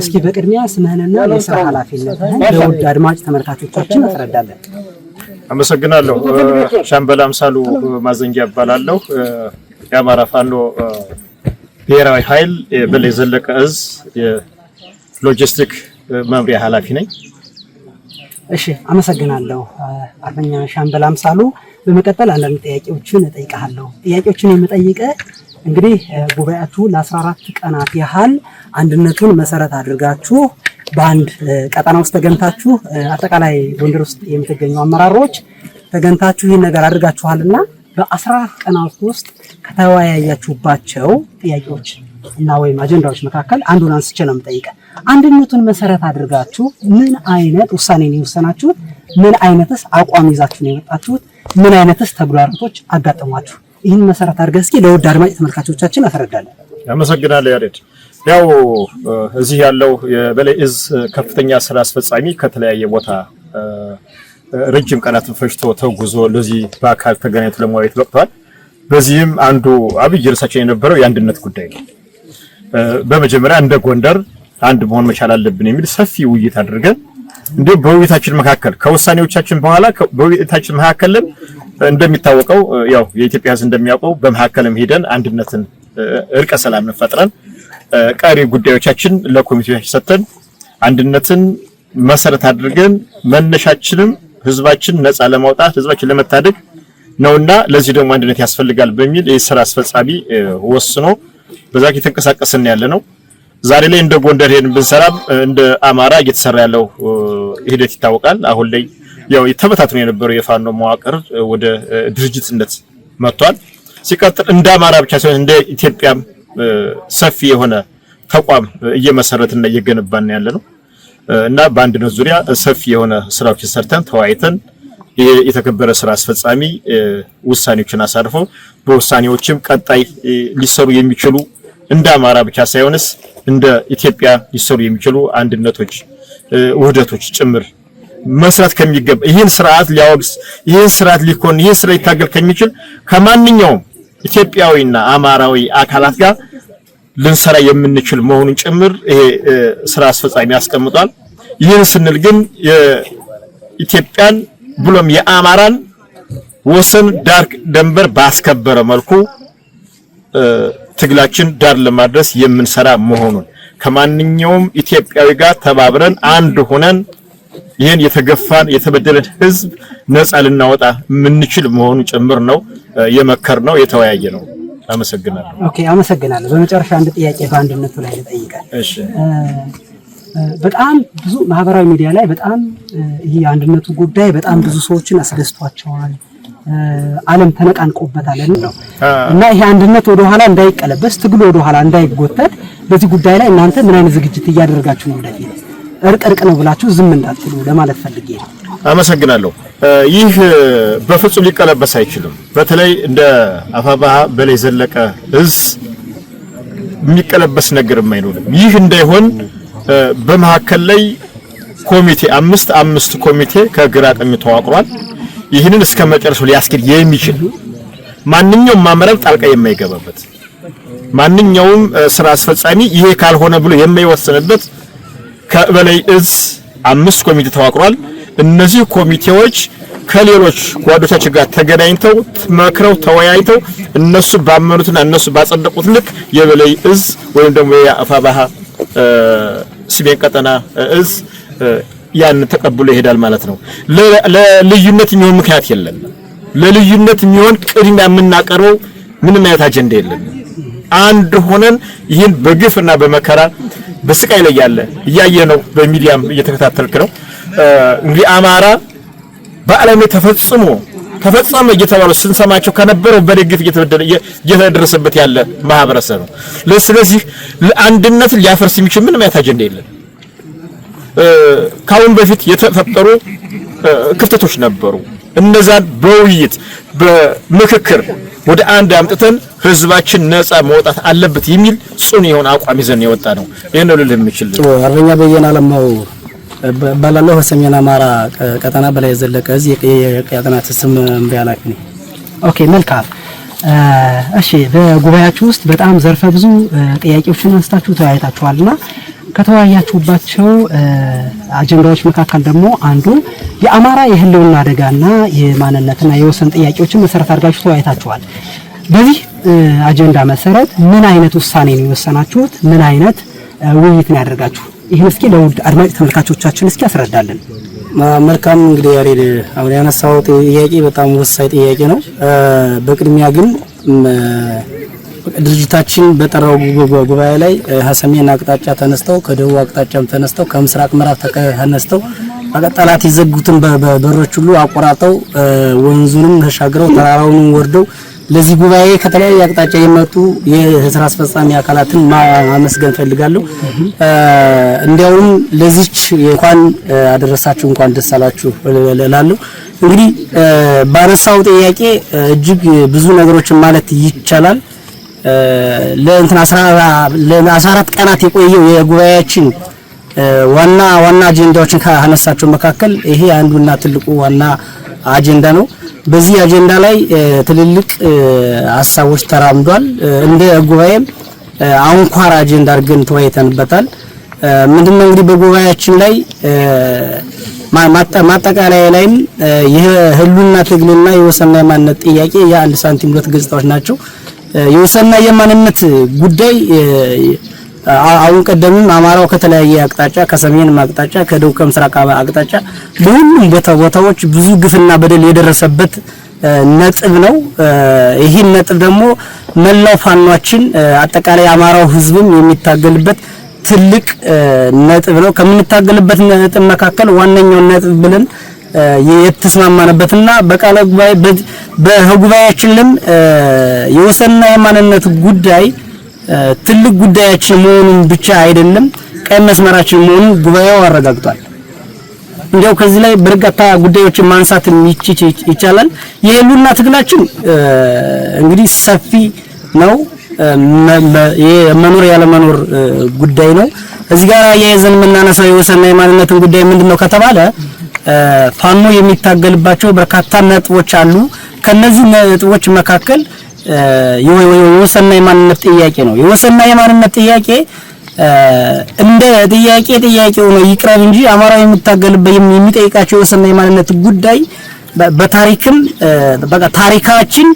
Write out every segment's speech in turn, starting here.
እስኪ በቅድሚያ ስምህንና የስራ ኃላፊነትህን ለውድ አድማጭ ተመልካቾቻችን አስረዳለን። አመሰግናለሁ። ሻምበል አምሳሉ ማዘንጊያ እባላለሁ። የአማራ ፋኖ ብሔራዊ ኃይል በላይ ዘለቀ እዝ የሎጂስቲክ መምሪያ ኃላፊ ነኝ። እሺ አመሰግናለሁ አርበኛ ሻምበል አምሳሉ። በመቀጠል አንዳንድ ጥያቄዎችን እጠይቃለሁ። ጥያቄዎችን የምጠይቀ እንግዲህ ጉባኤቱ ለ14 ቀናት ያህል አንድነቱን መሰረት አድርጋችሁ በአንድ ቀጠና ውስጥ ተገንታችሁ አጠቃላይ ጎንደር ውስጥ የምትገኙ አመራሮች ተገንታችሁ ይህን ነገር አድርጋችኋልና በአስራ ቀናት ውስጥ ከተወያያችሁባቸው ጥያቄዎች እና ወይም አጀንዳዎች መካከል አንዱን አንስቼ ነው የምጠይቀ። አንድነቱን መሰረት አድርጋችሁ ምን አይነት ውሳኔ ነው የወሰናችሁት? ምን አይነትስ አቋም ይዛችሁ ነው የመጣችሁት? ምን አይነትስ ተግዳሮቶች አጋጠሟችሁ? ይህን መሰረት አድርገህ እስኪ ለውድ አድማጭ ተመልካቾቻችን አስረዳለን። አመሰግናለሁ ያሬድ። ያው እዚህ ያለው የበላይ እዝ ከፍተኛ ስራ አስፈጻሚ ከተለያየ ቦታ ረጅም ቀናትን ፈጅቶ ተጉዞ ለዚህ በአካል ተገናኝቶ ለማየት በቅቷል። በዚህም አንዱ አብይ ርዕሳችን የነበረው የአንድነት ጉዳይ ነው። በመጀመሪያ እንደ ጎንደር አንድ መሆን መቻል አለብን የሚል ሰፊ ውይይት አድርገን እንዲሁም በውይይታችን መካከል ከውሳኔዎቻችን በኋላ በውይይታችን መካከልም እንደሚታወቀው ያው የኢትዮጵያ ሕዝብ እንደሚያውቀው በመካከልም ሄደን አንድነትን እርቀ ሰላምን ፈጥረን ቀሪ ጉዳዮቻችን ለኮሚቴዎቻችን ሰጥተን አንድነትን መሰረት አድርገን መነሻችንም ህዝባችን ነጻ ለማውጣት ህዝባችን ለመታደግ ነውና ለዚህ ደግሞ አንድነት ያስፈልጋል በሚል የስራ አስፈጻሚ ወስኖ በዛ እየተንቀሳቀስን ያለ ነው። ዛሬ ላይ እንደ ጎንደር ሄድን ብንሰራም እንደ አማራ እየተሰራ ያለው ሂደት ይታወቃል። አሁን ላይ ያው ተበታትኖ የነበረው የፋኖ መዋቅር ወደ ድርጅትነት መጥቷል። ሲቀጥል እንደ አማራ ብቻ ሳይሆን እንደ ኢትዮጵያም ሰፊ የሆነ ተቋም እየመሰረትና እየገነባን ያለ ነው እና በአንድነት ዙሪያ ሰፊ የሆነ ስራዎችን ሰርተን ተወያይተን የተከበረ ስራ አስፈጻሚ ውሳኔዎችን አሳርፎ በውሳኔዎችም ቀጣይ ሊሰሩ የሚችሉ እንደ አማራ ብቻ ሳይሆንስ እንደ ኢትዮጵያ ሊሰሩ የሚችሉ አንድነቶች፣ ውህደቶች ጭምር መስራት ከሚገባ ይህን ስርዓት ሊያወግስ ይህን ስርዓት ሊኮን ይህን ስራ ሊታገል ከሚችል ከማንኛውም ኢትዮጵያዊና አማራዊ አካላት ጋር ልንሰራ የምንችል መሆኑን ጭምር ይሄ ስራ አስፈጻሚ ያስቀምጧል። ይህን ስንል ግን የኢትዮጵያን ብሎም የአማራን ወሰን ዳር ደንበር ባስከበረ መልኩ ትግላችን ዳር ለማድረስ የምንሰራ መሆኑን ከማንኛውም ኢትዮጵያዊ ጋር ተባብረን አንድ ሆነን ይህን የተገፋን የተበደለን ህዝብ ነፃ ልናወጣ የምንችል መሆኑ ጭምር ነው የመከር ነው የተወያየ ነው። አመሰግናለሁ። ኦኬ አመሰግናለሁ። በመጨረሻ አንድ ጥያቄ በአንድነቱ ላይ ልጠይቃል። እሺ በጣም ብዙ ማህበራዊ ሚዲያ ላይ በጣም ይሄ የአንድነቱ ጉዳይ በጣም ብዙ ሰዎችን አስደስቷቸዋል። ዓለም ተነቃንቆበታል ነው እና ይሄ አንድነት ወደ ኋላ እንዳይቀለበስ፣ ትግሉ ወደ ኋላ እንዳይጎተት በዚህ ጉዳይ ላይ እናንተ ምን አይነት ዝግጅት እያደረጋችሁ ነው እንደዚህ እርቅ እርቅ ነው ብላችሁ ዝም እንዳትሉ ለማለት ፈልጌ ነው። አመሰግናለሁ። ይህ በፍጹም ሊቀለበስ አይችልም። በተለይ እንደ አፋባሃ በላይ ዘለቀ እዝ የሚቀለበስ ነገር አይኖርም። ይህ እንዳይሆን በመሀከል ላይ ኮሚቴ አምስት አምስት ኮሚቴ ከግራ ቀኝ ተዋቅሯል። ይህንን እስከ መጨረሱ ሊያስኬድ የሚችል ማንኛውም ማመራር ጣልቃ የማይገባበት ማንኛውም ስራ አስፈጻሚ ይሄ ካልሆነ ብሎ የማይወሰንበት ከበላይ እዝ አምስት ኮሚቴ ተዋቅሯል። እነዚህ ኮሚቴዎች ከሌሎች ጓዶቻችን ጋር ተገናኝተው መክረው ተወያይተው እነሱ ባመኑትና እነሱ ባጸደቁት ልክ የበላይ እዝ ወይም ደግሞ የአፋባሃ ስሜን ቀጠና እዝ ያን ተቀብሎ ይሄዳል ማለት ነው። ለልዩነት የሚሆን ምክንያት የለም። ለልዩነት የሚሆን ቅድሚያ የምናቀርበው ምንም አይነት አጀንዳ የለም። አንድ ሆነን ይህን በግፍና በመከራ በስቃይ ላይ ያለ እያየ ነው። በሚዲያም እየተከታተልክ ነው። እንግዲህ አማራ በዓለም ተፈጽሞ ተፈጸመ እየተባለ ስንሰማቸው ከነበረው በድግፍ እየተደረሰበት ያለ ማህበረሰብ ነው። ስለዚህ አንድነት ሊያፈርስ የሚችል ምንም አይነት አጀንዳ የለም። ካሁን በፊት የተፈጠሩ ክፍተቶች ነበሩ። እነዛን በውይይት በምክክር ወደ አንድ አምጥተን ህዝባችን ነጻ መውጣት አለበት የሚል ጽኑ የሆነ አቋም ይዘን የወጣ ነው። ይሄን ነው ልል የምችል። አርበኛ በየነ አለማው ባላለሁ ሰሜን አማራ ቀጠና በላይ ዘለቀ እዚህ የቀጠና ስም መምሪያ ነው። ኦኬ መልካም። እሺ በጉባኤያችሁ ውስጥ በጣም ዘርፈ ብዙ ጥያቄዎችን አንስታችሁ ተወያይታችኋልና ከተወያያችሁባቸው አጀንዳዎች መካከል ደግሞ አንዱ የአማራ የህልውና አደጋና የማንነትና የወሰን ጥያቄዎችን መሰረት አድርጋችሁ ተወያይታችኋል። በዚህ አጀንዳ መሰረት ምን አይነት ውሳኔ ነው የወሰናችሁት? ምን አይነት ውይይት ነው ያደርጋችሁ? ይህን እስኪ ለውድ አድማጭ ተመልካቾቻችን እስኪ ያስረዳልን። መልካም እንግዲህ ያሬድ አሁን ያነሳው ጥያቄ በጣም ወሳኝ ጥያቄ ነው። በቅድሚያ ግን ድርጅታችን በጠራው ጉባኤ ላይ ሀሰሜን አቅጣጫ ተነስተው ከደቡብ አቅጣጫም ተነስተው ከምስራቅ ምዕራብ ተነስተው በቀጠላት የዘጉትን በሮች ሁሉ አቆራርጠው ወንዙንም ተሻግረው ተራራውንም ወርደው ለዚህ ጉባኤ ከተለያየ አቅጣጫ የመጡ የስራ አስፈጻሚ አካላትን ማመስገን ፈልጋለሁ። እንዲያውም ለዚች እንኳን አደረሳችሁ እንኳን ደስ አላችሁ እላለሁ። እንግዲህ ባነሳው ጥያቄ እጅግ ብዙ ነገሮችን ማለት ይቻላል። ለእንትን 14 ቀናት የቆየው የጉባኤያችን ዋና ዋና አጀንዳዎችን ካነሳቸው መካከል ይሄ አንዱና ትልቁ ዋና አጀንዳ ነው። በዚህ አጀንዳ ላይ ትልልቅ ሀሳቦች ተራምዷል። እንደ ጉባኤም አንኳር አጀንዳ አድርገን ተወያይተንበታል። ምንድነው እንግዲህ በጉባኤያችን ላይ ማጠቃለያ ላይም የህሉና ትግልና የወሰንና የማንነት ጥያቄ የአንድ ሳንቲም ሁለት ገጽታዎች ናቸው የወሰንና የማንነት ጉዳይ አሁን ቀደምም አማራው ከተለያየ አቅጣጫ ከሰሜን አቅጣጫ ከደቡብ ከምስራቅ አቅጣጫ በሁሉም ቦታ ቦታዎች ብዙ ግፍና በደል የደረሰበት ነጥብ ነው። ይህን ነጥብ ደግሞ መላው ፋኗችን አጠቃላይ አማራው ህዝብም የሚታገልበት ትልቅ ነጥብ ነው። ከምንታገልበት ነጥብ መካከል ዋነኛው ነጥብ ብለን የተስማማንበትና በቃለ ጉባኤ በጉባኤያችን የወሰና የወሰንና የማንነት ጉዳይ ትልቅ ጉዳያችን መሆኑን ብቻ አይደለም ቀይ መስመራችን መሆኑን ጉባኤው አረጋግጧል። እንዲያው ከዚህ ላይ በርካታ ጉዳዮችን ማንሳት ይቻላል። የህልውና ትግላችን እንግዲህ ሰፊ ነው። የመኖር ያለመኖር ጉዳይ ነው። እዚህ ጋር አያይዘን የምናነሳው የወሰንና የማንነትን ጉዳይ ምንድን ነው ከተባለ ፋኖ የሚታገልባቸው በርካታ ነጥቦች አሉ። ከነዚህ ነጥቦች መካከል የወሰንና የማንነት ጥያቄ ነው። የወሰንና የማንነት ጥያቄ እንደ ጥያቄ ጥያቄው ነው ይቅረብ እንጂ አማራው የሚታገልበት የሚጠይቃቸው የወሰንና የማንነት ጉዳይ በታሪክም በቃ ታሪካችን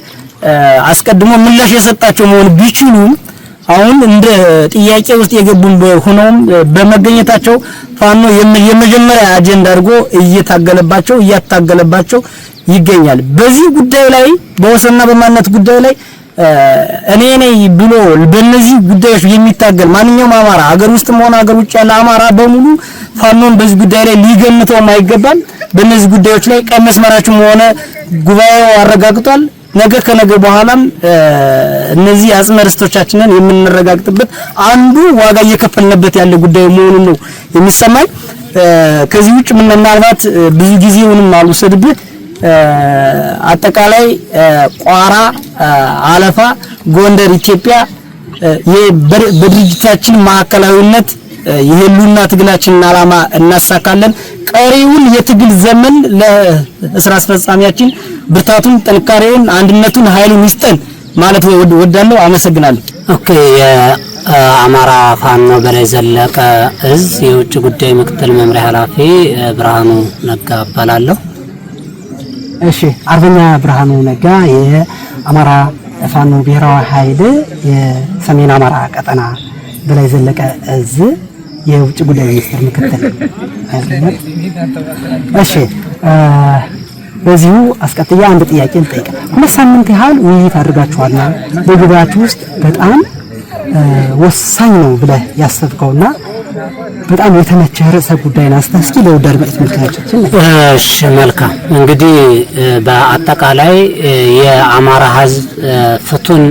አስቀድሞ ምላሽ የሰጣቸው መሆን ቢችሉም አሁን እንደ ጥያቄ ውስጥ የገቡ ሆነውም በመገኘታቸው ፋኖ የመጀመሪያ አጀንዳ አድርጎ እየታገለባቸው እያታገለባቸው ይገኛል። በዚህ ጉዳይ ላይ በወሰንና በማንነት ጉዳይ ላይ እኔ ነኝ ብሎ በነዚህ ጉዳዮች የሚታገል ማንኛውም አማራ ሀገር ውስጥም ሆነ ሀገር ውጭ ያለ አማራ በሙሉ ፋኖን በዚህ ጉዳይ ላይ ሊገምተውም አይገባም። በነዚህ ጉዳዮች ላይ ቀይ መስመራችሁም ሆነ ጉባኤው አረጋግጧል። ነገ ከነገ በኋላም እነዚህ አጽመ ርስቶቻችንን የምንረጋግጥበት አንዱ ዋጋ እየከፈልንበት ያለ ጉዳይ መሆኑን ነው የሚሰማኝ። ከዚህ ውጭ ምናልባት ብዙ ጊዜውንም አልወሰድብህ። አጠቃላይ ቋራ፣ አለፋ፣ ጎንደር ኢትዮጵያ በድርጅታችን ማዕከላዊነት የህሉና ትግላችንን ዓላማ እናሳካለን። ቀሪውን የትግል ዘመን ለስራ አስፈጻሚያችን ብርታቱን፣ ጥንካሬውን፣ አንድነቱን፣ ኃይሉን ይስጠን ማለት ወዳለው አመሰግናለሁ። ኦኬ። የአማራ ፋኖ በላይ ዘለቀ እዝ የውጭ ጉዳይ ምክትል መምሪያ ኃላፊ ብርሃኑ ነጋ እባላለሁ። እሺ፣ አርበኛ ብርሃኑ ነጋ የአማራ ፋኖ ብሔራዊ ኃይል የሰሜን አማራ ቀጠና በላይ ዘለቀ እዝ የውጭ ጉዳይ ሚኒስትር ምክትል እሺ በዚሁ አስቀጥያ አንድ ጥያቄ ልጠይቅ ሁለት ሳምንት ያህል ውይይት አድርጋችኋልና በጉባኤያችሁ ውስጥ በጣም ወሳኝ ነው ብለህ ያሰብከውና በጣም የተመቸ ርዕሰ ጉዳይ ነው። እስኪ ለውድ ማለት ተመልካቾችን እሺ መልካም እንግዲህ በአጠቃላይ የአማራ ህዝብ ፍቱን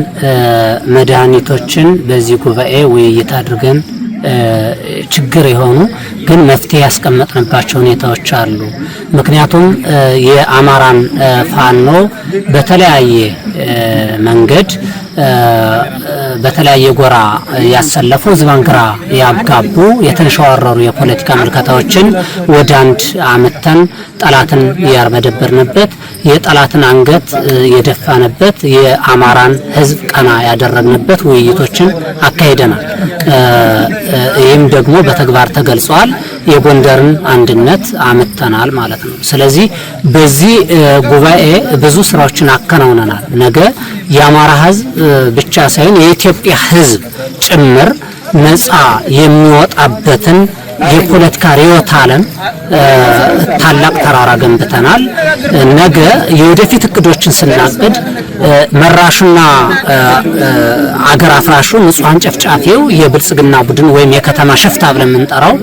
መድኃኒቶችን በዚህ ጉባኤ ውይይት አድርገን ችግር የሆኑ ግን መፍትሄ ያስቀመጥንባቸው ሁኔታዎች አሉ። ምክንያቱም የአማራን ፋኖ በተለያየ መንገድ በተለያየ ጎራ ያሰለፉ ህዝባን ግራ ያጋቡ የተንሸዋረሩ የፖለቲካ ምልከታዎችን ወደ አንድ አምተን ጠላትን ያርበደበርንበት የጠላትን አንገት የደፋንበት የአማራን ህዝብ ቀና ያደረግንበት ውይይቶችን አካሂደናል። ወይም ደግሞ በተግባር ተገልጿል። የጎንደርን አንድነት አምጥተናል ማለት ነው። ስለዚህ በዚህ ጉባኤ ብዙ ስራዎችን አከናውነናል። ነገ የአማራ ህዝብ ብቻ ሳይሆን የኢትዮጵያ ህዝብ ጭምር ነጻ የሚወጣበትን የፖለቲካ ርዕዮተ ዓለም ታላቅ ተራራ ገንብተናል። ነገ የወደፊት እቅዶችን ስናቅድ መራሹና አገር አፍራሹ ንጹሐን ጨፍጫፊው የብልጽግና ቡድን ወይም የከተማ ሽፍታ ብለን የምንጠራው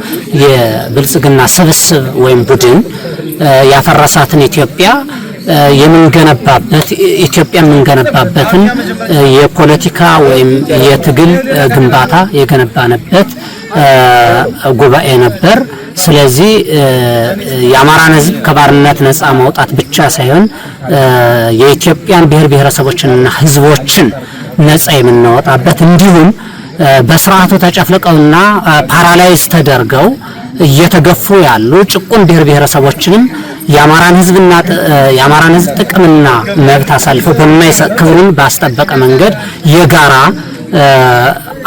የብልጽግና ስብስብ ወይም ቡድን ያፈረሳትን ኢትዮጵያ የምንገነባበት ኢትዮጵያ የምንገነባበትን የፖለቲካ ወይም የትግል ግንባታ የገነባንበት ጉባኤ ነበር። ስለዚህ የአማራን ሕዝብ ከባርነት ነፃ ማውጣት ብቻ ሳይሆን የኢትዮጵያን ብሔር ብሔረሰቦችንና ሕዝቦችን ነፃ የምናወጣበት እንዲሁም በስርዓቱ ተጨፍልቀውና ፓራላይዝ ተደርገው እየተገፉ ያሉ ጭቁን ብሔር ብሔረሰቦችንም የአማራን ህዝብና የአማራን ህዝብ ጥቅምና መብት አሳልፎ በማይሰጥ ክብሩን ባስጠበቀ መንገድ የጋራ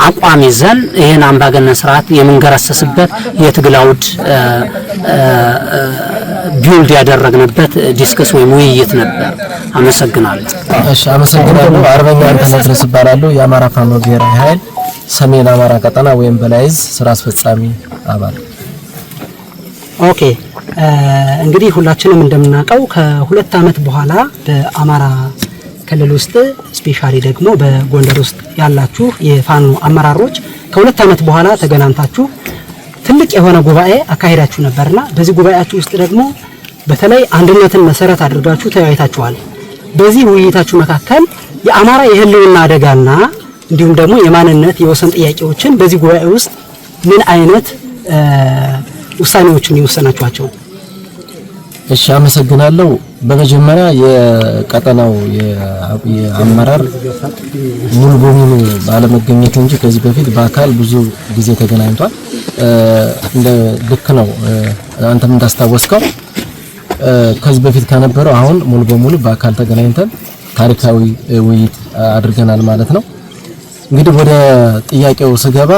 አቋም ይዘን ይህን አምባገነን ስርዓት የምንገረሰስበት የትግል አውድ ቢውልድ ያደረግንበት ዲስክስ ወይም ውይይት ነበር። አመሰግናለሁ። እሺ፣ አመሰግናለሁ። አርበኛ አንተነት ድረስ እባላለሁ። የአማራ ፋኖ ብሔራዊ ኃይል ሰሜን አማራ ቀጠና ወይም በላይዝ ስራ አስፈጻሚ አባል ኦኬ እንግዲህ ሁላችንም እንደምናውቀው ከሁለት ዓመት በኋላ በአማራ ክልል ውስጥ ስፔሻሊ ደግሞ በጎንደር ውስጥ ያላችሁ የፋኖ አመራሮች ከሁለት ዓመት በኋላ ተገናኝታችሁ ትልቅ የሆነ ጉባኤ አካሄዳችሁ ነበርና በዚህ ጉባኤያችሁ ውስጥ ደግሞ በተለይ አንድነትን መሰረት አድርጋችሁ ተወያይታችኋል። በዚህ ውይይታችሁ መካከል የአማራ የህልውና አደጋና እንዲሁም ደግሞ የማንነት የወሰን ጥያቄዎችን በዚህ ጉባኤ ውስጥ ምን አይነት ውሳኔዎቹን የወሰናችኋቸው? እሺ፣ አመሰግናለሁ። በመጀመሪያ የቀጠናው የአመራር ሙሉ በሙሉ ባለመገኘት እንጂ ከዚህ በፊት በአካል ብዙ ጊዜ ተገናኝቷል። እንደ ልክ ነው፣ አንተም እንዳስታወስከው ከዚህ በፊት ከነበረው አሁን ሙሉ በሙሉ በአካል ተገናኝተን ታሪካዊ ውይይት አድርገናል ማለት ነው። እንግዲህ ወደ ጥያቄው ስገባ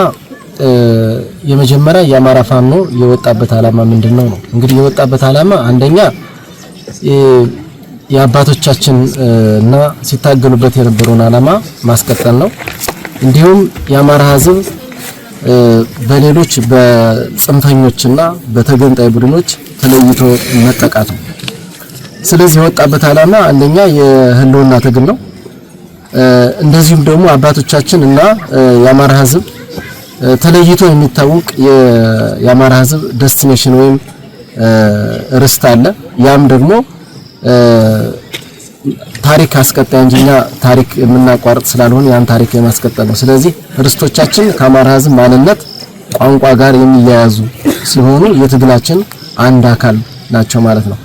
የመጀመሪያ የአማራ ፋኖ የወጣበት አላማ ምንድነው ነው? እንግዲህ የወጣበት አላማ አንደኛ የአባቶቻችን እና ሲታገሉበት የነበረውን አላማ ማስቀጠል ነው። እንዲሁም የአማራ ሕዝብ በሌሎች በጽንፈኞችና በተገንጣይ ቡድኖች ተለይቶ መጠቃት ነው። ስለዚህ የወጣበት አላማ አንደኛ የህልውና ትግል ነው። እንደዚሁም ደግሞ አባቶቻችን እና የአማራ ሕዝብ ተለይቶ የሚታወቅ የአማራ ህዝብ ዴስቲኔሽን ወይም ርስት አለ። ያም ደግሞ ታሪክ አስቀጣይ እንጂ እኛ ታሪክ የምናቋርጥ ስላልሆነ ያን ታሪክ የማስቀጠል ነው። ስለዚህ ርስቶቻችን ከአማራ ህዝብ ማንነት፣ ቋንቋ ጋር የሚያያዙ ሲሆኑ የትግላችን አንድ አካል ናቸው ማለት ነው።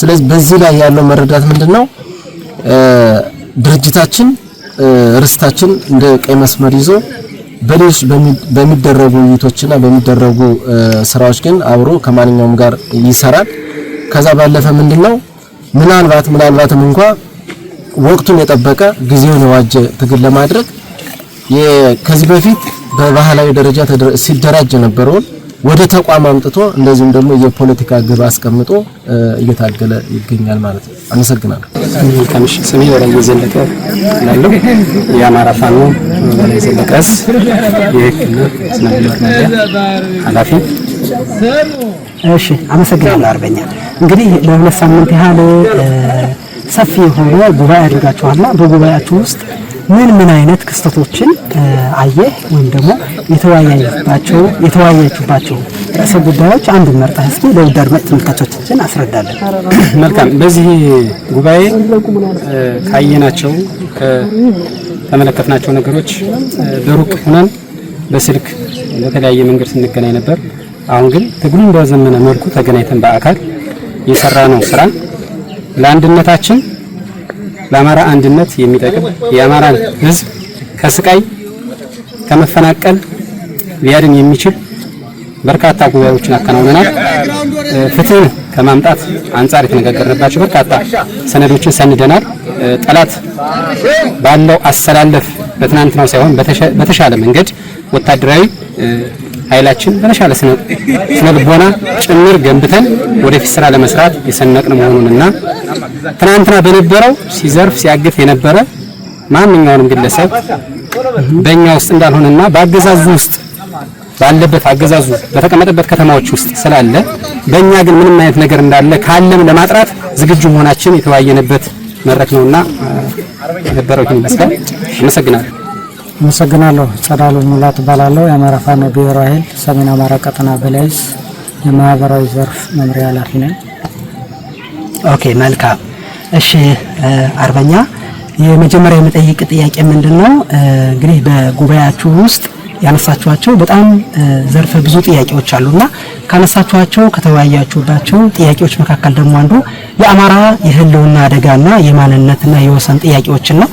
ስለዚህ በዚህ ላይ ያለው መረዳት ምንድነው? ድርጅታችን ርስታችን እንደ ቀይ መስመር ይዞ በሌሎች በሚደረጉ ውይይቶችና በሚደረጉ ስራዎች ግን አብሮ ከማንኛውም ጋር ይሰራል። ከዛ ባለፈ ምንድነው ምናልባት ምናልባትም እንኳ ወቅቱን የጠበቀ ጊዜውን የዋጀ ትግል ለማድረግ ከዚህ በፊት በባህላዊ ደረጃ ሲደራጅ የነበረውን ወደ ተቋም አምጥቶ እንደዚሁም ደግሞ የፖለቲካ ግብ አስቀምጦ እየታገለ ይገኛል ማለት ነው። አመሰግናለሁ። ከምሽ ስሜ በላይ ዘለቀ እላለሁ። የአማራ ፋኖ በላይ ዘለቀስ የህግና ስነ ምግባር መምሪያ ኃላፊ። እሺ፣ አመሰግናለሁ። አርበኛ እንግዲህ ለሁለት ሳምንት ያህል ሰፊ የሆነ ጉባኤ አድርጋችኋልና በጉባኤያችሁ ውስጥ ምን ምን አይነት ክስተቶችን አየህ ወይም ደግሞ የተወያያችሁባቸው የተወያያችሁባቸው ርዕሰ ጉዳዮች አንዱን መርጠህ እስኪ ለውድ አድማጭ ተመልካቾቻችን አስረዳለን። መልካም። በዚህ ጉባኤ ካየናቸው ከተመለከትናቸው ነገሮች በሩቅ ሆነን በስልክ በተለያየ መንገድ ስንገናኝ ነበር። አሁን ግን ትግሉን በዘመነ መልኩ ተገናኝተን በአካል የሰራ ነው ስራ ለአንድነታችን ለአማራ አንድነት የሚጠቅም የአማራን ህዝብ ከስቃይ ከመፈናቀል ሊያድን የሚችል በርካታ ጉባኤዎችን አከናውነናል። ፍትህ ከማምጣት አንጻር የተነጋገርንባቸው በርካታ ሰነዶችን ሰንደናል። ጠላት ባለው አሰላለፍ በትናንትናው ሳይሆን በተሻለ መንገድ ወታደራዊ ኃይላችን በተሻለ ስነ ልቦና ጭምር ገንብተን ወደፊት ስራ ለመስራት የሰነቅን መሆኑንና ትናንትና በነበረው ሲዘርፍ ሲያግፍ የነበረ ማንኛውንም ግለሰብ በእኛ ውስጥ እንዳልሆነና በአገዛዙ ውስጥ ባለበት አገዛዙ በተቀመጠበት ከተማዎች ውስጥ ስላለ በእኛ ግን ምንም አይነት ነገር እንዳለ ካለም ለማጥራት ዝግጁ መሆናችን የተወያየንበት መድረክ ነውና የነበረው ይመስላል። አመሰግናለሁ። አመሰግናለሁ። ጸዳሉ ሙላ ትባላለሁ የአማራ ፋኖ ብሔራዊ ኃይል ሰሜን አማራ ቀጠና በላይስ የማህበራዊ ዘርፍ መምሪያ ኃላፊ ነኝ። ኦኬ መልካም። እሺ አርበኛ፣ የመጀመሪያ የመጠይቅ ጥያቄ ምንድን ነው? እንግዲህ በጉባኤያችሁ ውስጥ ያነሳችኋቸው በጣም ዘርፈ ብዙ ጥያቄዎች አሉና ካነሳችኋቸው ከተወያያችሁባቸው ጥያቄዎች መካከል ደግሞ አንዱ የአማራ የህልውና አደጋና የማንነትና የወሰን ጥያቄዎችን ነው።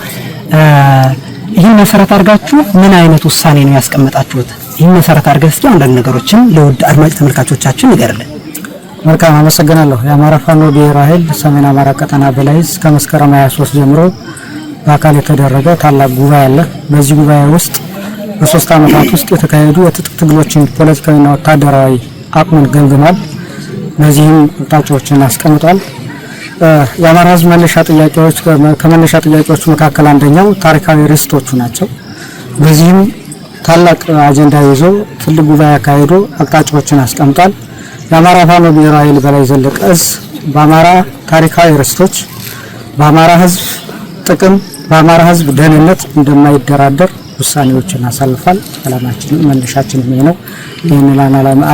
ይህን መሰረት አድርጋችሁ ምን አይነት ውሳኔ ነው ያስቀመጣችሁት? ይህን መሰረት አድርገህ እስኪ አንዳንድ ነገሮችን ለውድ አድማጭ ተመልካቾቻችን ንገርልን። መልካም አመሰግናለሁ። የአማራ ፋኖ ብሔራዊ ኃይል ሰሜን አማራ ቀጠና በላይ እስከ መስከረም 23 ጀምሮ በአካል የተደረገ ታላቅ ጉባኤ አለ። በዚህ ጉባኤ ውስጥ በሶስት ዓመታት ውስጥ የተካሄዱ የትጥቅ ትግሎችን ፖለቲካዊና ወታደራዊ አቅምን ገምግሟል። በዚህም አቅጣጫዎችን አስቀምጧል። የአማራ ህዝብ መነሻ ጥያቄዎች ከመነሻ ጥያቄዎች መካከል አንደኛው ታሪካዊ ርስቶቹ ናቸው። በዚህም ታላቅ አጀንዳ ይዞ ትልቅ ጉባኤ አካሄዶ አቅጣጫዎችን አስቀምጧል። የአማራ ፋኖ ብሔራዊ ኃይል በላይ ዘለቀ እዝ በአማራ ታሪካዊ ርስቶች፣ በአማራ ህዝብ ጥቅም፣ በአማራ ህዝብ ደህንነት እንደማይደራደር ውሳኔዎችን አሳልፏል። አላማችን መነሻችን ነው። ይህንን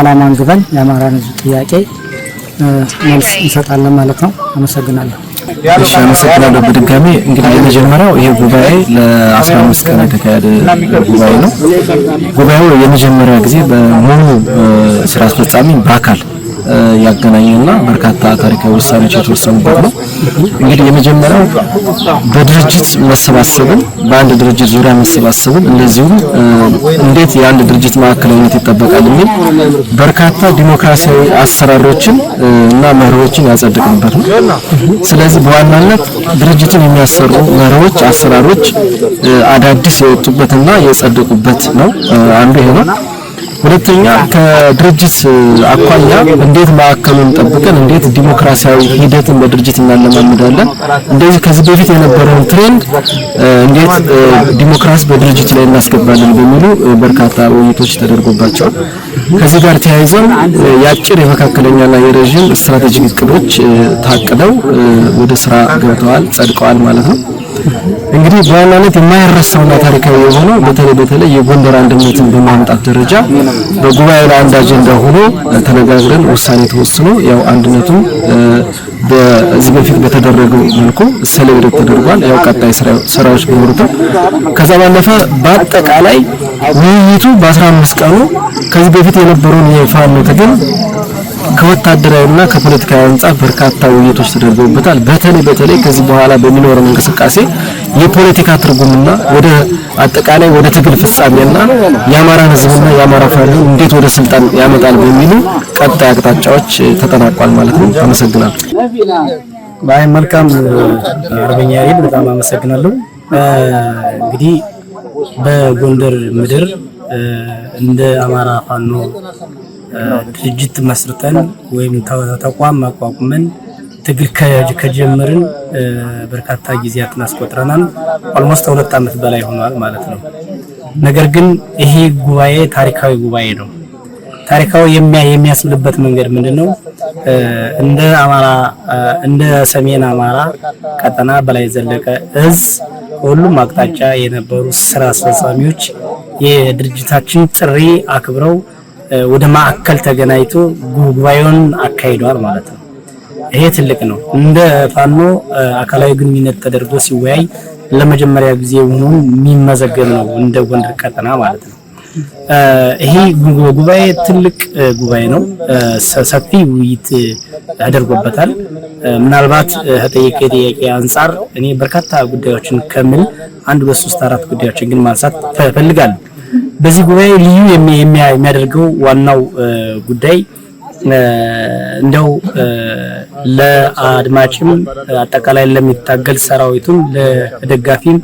አላማ አንግበን የአማራን ህዝብ ጥያቄ መልስ እንሰጣለን ማለት ነው። አመሰግናለሁ። እሺ አመሰግናለሁ። በድጋሚ እንግዲህ የመጀመሪያው ይሄ ጉባኤ ለ15 ቀን የተካሄደ ጉባኤ ነው። ጉባኤው የመጀመሪያ ጊዜ በሙሉ ስራ አስፈጻሚ በአካል ያገናኘና በርካታ ታሪካዊ ውሳኔዎች የተወሰኑበት ነው። እንግዲህ የመጀመሪያው በድርጅት መሰባሰብን፣ በአንድ ድርጅት ዙሪያ መሰባሰብን፣ እንደዚሁም እንዴት የአንድ ድርጅት ማዕከላዊነት ይጠበቃል የሚል በርካታ ዲሞክራሲያዊ አሰራሮችን እና መርሆችን ያጸድቅንበት ነው። ስለዚህ በዋናነት ድርጅትን የሚያሰሩ መርሆች፣ አሰራሮች አዳዲስ የወጡበትና የጸደቁበት ነው። አንዱ ይሄ ነው። ሁለተኛ ከድርጅት አኳያ እንዴት ማዕከሉን ጠብቀን እንዴት ዲሞክራሲያዊ ሂደትን በድርጅት እናለማምዳለን፣ እንደዚህ ከዚህ በፊት የነበረውን ትሬንድ እንዴት ዲሞክራሲ በድርጅት ላይ እናስገባለን በሚሉ በርካታ ውይይቶች ተደርጎባቸዋል። ከዚህ ጋር ተያይዘው የአጭር የመካከለኛና የረዥም ስትራቴጂክ እቅዶች ታቅደው ወደ ስራ ገብተዋል፣ ጸድቀዋል ማለት ነው። እንግዲህ በዋናነት የማይረሳውና ታሪካዊ የሆነው በተለይ በተለይ የጎንደር አንድነትን በማምጣት ደረጃ በጉባኤ ላይ አንድ አጀንዳ ሆኖ ተነጋግረን ውሳኔ ተወስኖ ያው አንድነቱ በዚህ በፊት በተደረገው መልኩ ሴሌብሬት ተደርጓል። ያው ቀጣይ ስራዎች ቢኖሩትም ከዛ ባለፈ በአጠቃላይ ውይይቱ በ15 ቀኑ ከዚህ በፊት የነበረውን የፋኖ ትግል ከወታደራዊና ከፖለቲካዊ አንጻር በርካታ ውይይቶች ተደርገውበታል። በተለይ በተለይ ከዚህ በኋላ በሚኖረን እንቅስቃሴ የፖለቲካ ትርጉምና ወደ አጠቃላይ ወደ ትግል ፍጻሜና የአማራን ሕዝብና የአማራ ፋኖ እንዴት ወደ ስልጣን ያመጣል በሚሉ ቀጣይ አቅጣጫዎች ተጠናቋል ማለት ነው። አመሰግናለሁ። በአይ መልካም አርበኛ ያሬድ በጣም አመሰግናለሁ። እንግዲህ በጎንደር ምድር እንደ አማራ ፋኖ ድርጅት መስርተን ወይም ተቋም አቋቁመን ትግል ከጀመርን በርካታ ጊዜያትን አስቆጥረናል። ኦልሞስት ሁለት ዓመት በላይ ሆኗል ማለት ነው። ነገር ግን ይሄ ጉባኤ ታሪካዊ ጉባኤ ነው። ታሪካዊ የሚያስብልበት መንገድ ምንድን ነው? እንደ አማራ እንደ ሰሜን አማራ ቀጠና በላይ ዘለቀ እዝ በሁሉም አቅጣጫ የነበሩ ስራ አስፈጻሚዎች የድርጅታችን ጥሪ አክብረው ወደ ማዕከል ተገናኝቶ ጉባኤውን አካሂዷል ማለት ነው። ይሄ ትልቅ ነው። እንደ ፋኖ አካላዊ ግንኙነት ተደርጎ ሲወያይ ለመጀመሪያ ጊዜ ሆኖን የሚመዘገብ ነው እንደ ጎንደር ቀጠና ማለት ነው። ይሄ ጉባኤ ትልቅ ጉባኤ ነው። ሰፊ ውይይት ተደርጎበታል። ምናልባት ከጠየቀ ጥያቄ አንጻር እኔ በርካታ ጉዳዮችን ከምል አንድ በሶስት ሶስት አራት ጉዳዮችን ግን ማንሳት እፈልጋለሁ። በዚህ ጉባኤ ልዩ የሚያደርገው ዋናው ጉዳይ እንደው ለአድማጭም አጠቃላይ ለሚታገል ሰራዊቱም ለደጋፊም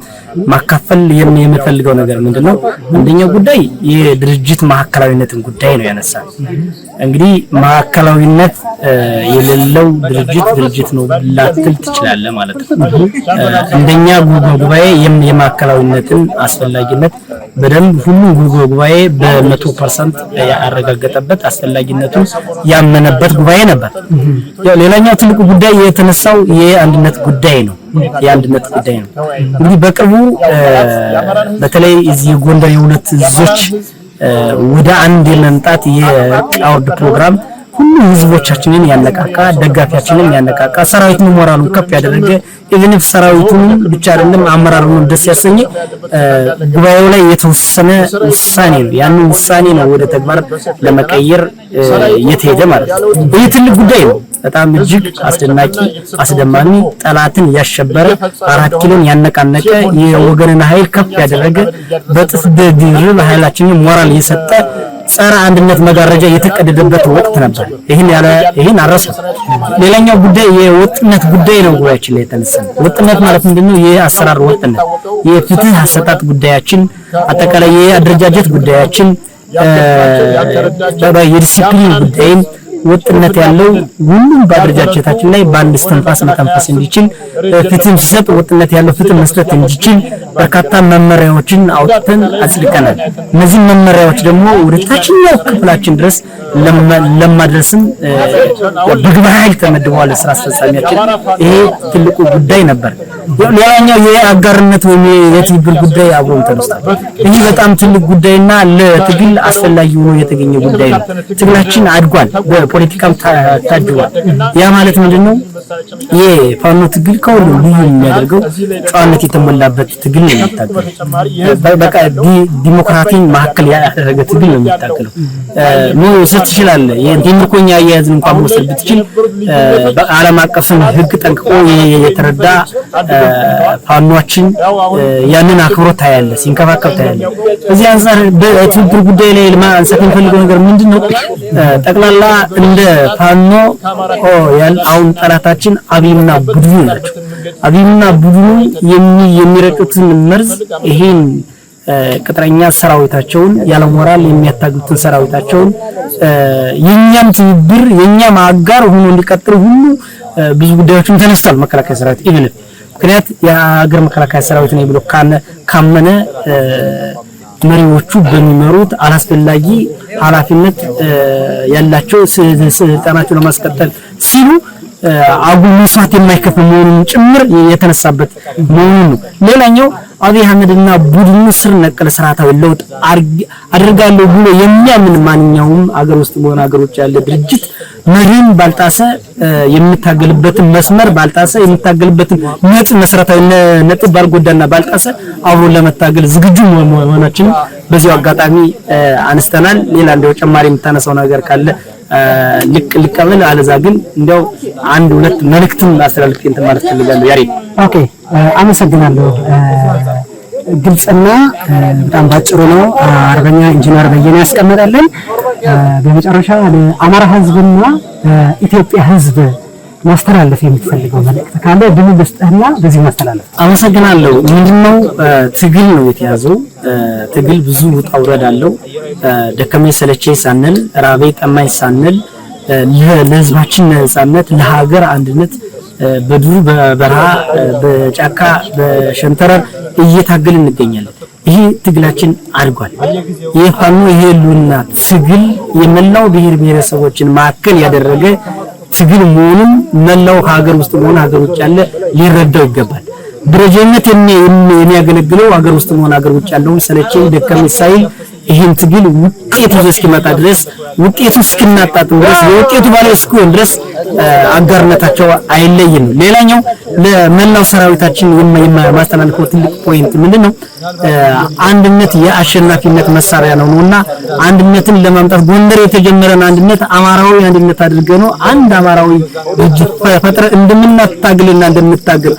ማካፈል የምፈልገው ነገር ምንድን ነው? አንደኛው ጉዳይ የድርጅት ማዕከላዊነትን ጉዳይ ነው ያነሳ። እንግዲህ ማዕከላዊነት የሌለው ድርጅት ድርጅት ነው ላትል ትችላለ ማለት ነው። እንደኛ ጉባኤ የማዕከላዊነትን አስፈላጊነት በደንብ ሁሉም ጉባኤ በመቶ ፐርሰንት ያረጋገጠበት አስፈላጊነቱን ያመነበት ጉባኤ ነበር። ሌላኛው ትልቁ ጉዳይ የተነሳው የአንድነት ጉዳይ ነው። የአንድነት ጉዳይ ነው። እንግዲህ በቅርቡ በተለይ እዚህ ጎንደር የሁለት እዞች ወደ አንድ የመምጣት የቃውርድ ፕሮግራም ሁሉ ህዝቦቻችንን ያነቃቃ፣ ደጋፊያችንን ያነቃቃ፣ ሰራዊቱን ሞራሉን ከፍ ያደረገ ኢቭን ኢፍ ሰራዊቱን ብቻ አይደለም አመራሩን ደስ ያሰኘ ጉባኤው ላይ የተወሰነ ውሳኔ ነው። ያንን ውሳኔ ነው ወደ ተግባር ለመቀየር የተሄደ ማለት ነው። ይህ ትልቅ ጉዳይ ነው። በጣም እጅግ አስደናቂ አስደማሚ ጠላትን ያሸበረ አራት ኪሎን ያነቃነቀ የወገንን ኃይል ከፍ ያደረገ በጥፍ ድርብ ኃይላችንን ሞራል የሰጠ ጸረ አንድነት መጋረጃ የተቀደደበት ወቅት ነበር። ይህን ያለ ይህን አረሰ። ሌላኛው ጉዳይ የወጥነት ጉዳይ ነው። ጉባኤያችን ላይ የተነሳ ወጥነት ማለት ምንድነው? የአሰራር ወጥነት፣ የፍትህ አሰጣጥ ጉዳያችን፣ አጠቃላይ የአደረጃጀት ጉዳያችን፣ የዲሲፕሊን ጉዳይም ወጥነት ያለው ሁሉም በአደረጃጀታችን ላይ በአንድ እስትንፋስ መተንፈስ እንዲችል ፍትህም ሲሰጥ ወጥነት ያለው ፍትህ መስጠት እንዲችል በርካታ መመሪያዎችን አውጥተን አጽድቀናል። እነዚህ መመሪያዎች ደግሞ ወደ ታችኛው ክፍላችን ድረስ ለማድረስም በግብረ ኃይል ተመድበዋል ስራ አስፈጻሚያችን። ይሄ ትልቁ ጉዳይ ነበር። ሌላኛው የአጋርነት ወይም የትብብር ጉዳይ አብሮም ተነስቷል። ይህ በጣም ትልቅ ጉዳይና ለትግል አስፈላጊ ሆኖ የተገኘ ጉዳይ ነው። ትግላችን አድጓል። በፖለቲካም ታጅቧል። ያ ማለት ምንድን ነው? የፋኖ ትግል ከሁሉም ልዩ የሚያደርገው ጨዋነት የተሞላበት ትግል ነው የሚታገለው። በቃ ዲሞክራሲን ማዕከል ያደረገ ትግል ነው የሚታገለው። መውሰድ ትችላለህ። የምርኮኛ አያያዝን እንኳን መውሰድ ብትችል ዓለም አቀፍን ሕግ ጠንቅቆ የተረዳ ፋኖችን ያንን አክብሮት ታያለ፣ ሲንከባከብ ታያለ። እዚህ አንጻር በትብብር ጉዳይ ላይ ማንሳት የሚፈልገው ነገር ምንድን ነው? ጠቅላላ እንደ ፋኖ አሁን ጠላታችን አጋሮቻችን አቢና ቡድኑ ናቸው። አቢብና ቡድኑ የሚረጩትን መርዝ ይሄን ቅጥረኛ ሰራዊታቸውን ያለ ሞራል የሚያታግሉትን ሰራዊታቸውን የኛም ትብብር የኛም አጋር ሆኖ እንዲቀጥል ሁሉ ብዙ ጉዳዮችን ተነስቷል። መከላከያ ሰራዊት ኢቭን ምክንያት የሀገር መከላከያ ሰራዊት ነው ብሎ ካመነ መሪዎቹ በሚመሩት አላስፈላጊ ኃላፊነት ያላቸው ስልጣናቸው ለማስቀጠል ሲሉ አጉል መስዋዕት የማይከፍል መሆኑን ጭምር የተነሳበት መሆኑን ነው። ሌላኛው አብይ አህመድና ቡድኑ ስር ነቀል ስርዓታዊ ለውጥ አድርጋለሁ ብሎ የሚያምን ማንኛውም አገር ውስጥ በሆነ ሀገሮች ያለ ድርጅት መሪን ባልጣሰ የምታገልበትን መስመር ባልጣሰ የምታገልበትን ነጥብ መሰረታዊ ነጥብ ባልጎዳና ባልጣሰ አብሮ ለመታገል ዝግጁ መሆናችን በዚሁ አጋጣሚ አንስተናል። ሌላ እንደው ጨማሪ የምታነሳው ነገር ካለ ልቅ ልቀበል፣ አለዛ ግን እንደው አንድ ሁለት መልእክትም አስተላልፍ እንትን ማለት ፈልጋለሁ። ያሬ ኦኬ፣ አመሰግናለሁ። ግልጽና በጣም ባጭሩ ነው አርበኛ ኢንጂነር በየነ ያስቀመጠልን በመጨረሻ ለአማራ ሕዝብና ኢትዮጵያ ህዝብ ማስተላለፍ የምትፈልገው መልእክት ካለ ድል ልስጥህና በዚህ ማስተላለፍ። አመሰግናለሁ። ምንድነው ትግል ነው የተያዘው። ትግል ብዙ ውጣ ውረድ አለው። ደከመኝ ሰለቸኝ ሳንል፣ ራቤ ጠማኝ ሳንል ለህዝባችን ነፃነት፣ ለሀገር አንድነት በዱር በበረሃ በጫካ በሸንተረር እየታገልን እንገኛለን። ይሄ ትግላችን አድጓል። የፋኖ የህልውና ትግል የመላው ብሔር ብሔረሰቦችን ማዕከል ያደረገ ትግል መሆኑን መላው ሀገር ውስጥ መሆን ሀገር ውጭ ያለ ሊረዳው ይገባል። ደረጃነት የሚያገለግለው ሀገር ውስጥ መሆን ሀገር ውጭ ያለውን ሰለቼ ደከመኝ ሳይል ይህን ትግል ውጤቱ እስኪመጣ ድረስ ውጤቱ እስኪናጣጥም ድረስ የውጤቱ ባለቤት እስኪሆን ድረስ አጋርነታቸው አይለይም። ሌላኛው ለመላው ሰራዊታችን የማስተላልፈው ትልቅ ፖይንት ምንድን ነው? አንድነት የአሸናፊነት መሳሪያ ነው ነውና አንድነትን ለማምጣት ጎንደር የተጀመረን አንድነት አማራዊ አንድነት አድርገ ነው አንድ አማራዊ ድርጅት ፈጥረ እንደምናታግልና እንደምታገል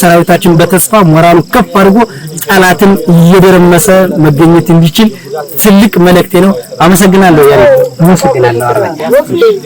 ሰራዊታችን በተስፋ ሞራሉ ከፍ አድርጎ ጠላትን እየደረመሰ መገኘት እንዲችል ትልቅ መልእክቴ ነው። አመሰግናለሁ። ያሬ አመሰግናለሁ።